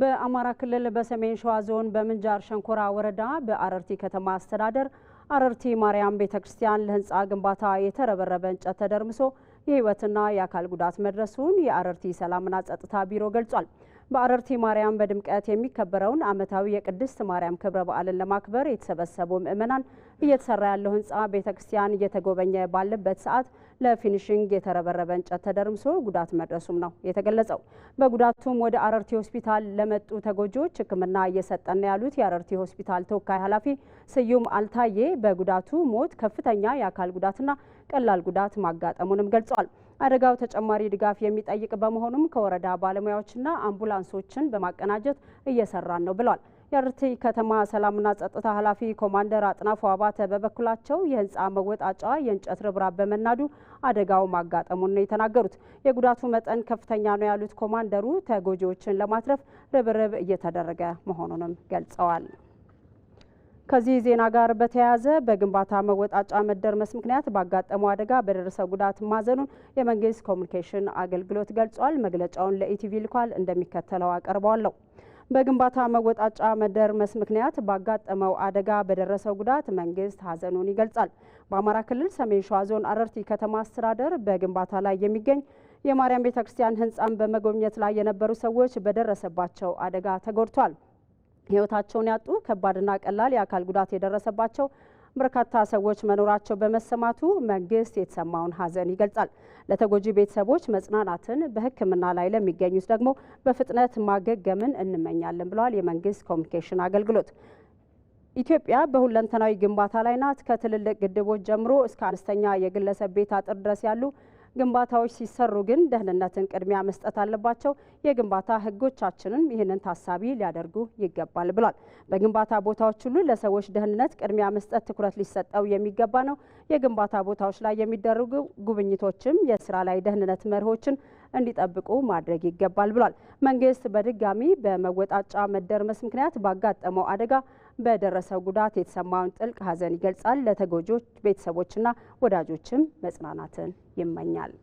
በአማራ ክልል በሰሜን ሸዋ ዞን በምንጃር ሸንኮራ ወረዳ በአረርቲ ከተማ አስተዳደር አረርቲ ማርያም ቤተ ክርስቲያን ለህንፃ ግንባታ የተረበረበ እንጨት ተደርምሶ የህይወትና የአካል ጉዳት መድረሱን የአረርቲ ሰላምና ጸጥታ ቢሮ ገልጿል። በአረርቲ ማርያም በድምቀት የሚከበረውን ዓመታዊ የቅድስት ማርያም ክብረ በዓልን ለማክበር የተሰበሰቡ ምእመናን እየተሰራ ያለው ህንፃ ቤተ ክርስቲያን እየተጎበኘ ባለበት ሰዓት ለፊኒሽንግ የተረበረበ እንጨት ተደርምሶ ጉዳት መድረሱም ነው የተገለጸው። በጉዳቱም ወደ አረርቲ ሆስፒታል ለመጡ ተጎጂዎች ሕክምና እየሰጠን ያሉት የአረርቲ ሆስፒታል ተወካይ ኃላፊ ስዩም አልታዬ በጉዳቱ ሞት፣ ከፍተኛ የአካል ጉዳትና ቀላል ጉዳት ማጋጠሙንም ገልጿል። አደጋው ተጨማሪ ድጋፍ የሚጠይቅ በመሆኑም ከወረዳ ባለሙያዎችና አምቡላንሶችን በማቀናጀት እየሰራን ነው ብሏል። የአርቲ ከተማ ሰላምና ጸጥታ ኃላፊ ኮማንደር አጥናፉ አባተ በበኩላቸው የህንፃ መወጣጫ የእንጨት ርብራብ በመናዱ አደጋው ማጋጠሙን ነው የተናገሩት። የጉዳቱ መጠን ከፍተኛ ነው ያሉት ኮማንደሩ ተጎጂዎችን ለማትረፍ ርብርብ እየተደረገ መሆኑንም ገልጸዋል። ከዚህ ዜና ጋር በተያያዘ በግንባታ መወጣጫ መደርመስ ምክንያት ባጋጠመው አደጋ በደረሰ ጉዳት ማዘኑን የመንግስት ኮሚኒኬሽን አገልግሎት ገልጿል። መግለጫውን ለኢቲቪ ልኳል፣ እንደሚከተለው አቀርበዋለሁ። በግንባታ መወጣጫ መደርመስ ምክንያት ባጋጠመው አደጋ በደረሰው ጉዳት መንግስት ሀዘኑን ይገልጻል። በአማራ ክልል ሰሜን ሸዋ ዞን አረርቲ ከተማ አስተዳደር በግንባታ ላይ የሚገኝ የማርያም ቤተክርስቲያን ህንፃን በመጎብኘት ላይ የነበሩ ሰዎች በደረሰባቸው አደጋ ተጎድቷል። ህይወታቸውን ያጡ ከባድና ቀላል የአካል ጉዳት የደረሰባቸው በርካታ ሰዎች መኖራቸው በመሰማቱ መንግስት የተሰማውን ሐዘን ይገልጻል። ለተጎጂ ቤተሰቦች መጽናናትን፣ በሕክምና ላይ ለሚገኙት ደግሞ በፍጥነት ማገገምን እንመኛለን ብለዋል የመንግስት ኮሚኒኬሽን አገልግሎት። ኢትዮጵያ በሁለንተናዊ ግንባታ ላይ ናት። ከትልልቅ ግድቦች ጀምሮ እስከ አነስተኛ የግለሰብ ቤት አጥር ድረስ ያሉ ግንባታዎች ሲሰሩ ግን ደህንነትን ቅድሚያ መስጠት አለባቸው። የግንባታ ህጎቻችንም ይህንን ታሳቢ ሊያደርጉ ይገባል ብሏል። በግንባታ ቦታዎች ሁሉ ለሰዎች ደህንነት ቅድሚያ መስጠት ትኩረት ሊሰጠው የሚገባ ነው። የግንባታ ቦታዎች ላይ የሚደረጉ ጉብኝቶችም የስራ ላይ ደህንነት መርሆችን እንዲጠብቁ ማድረግ ይገባል ብሏል። መንግስት በድጋሚ በመወጣጫ መደርመስ ምክንያት ባጋጠመው አደጋ በደረሰው ጉዳት የተሰማውን ጥልቅ ሐዘን ይገልጻል። ለተጎጂዎች ቤተሰቦችና ወዳጆችም መጽናናትን ይመኛል።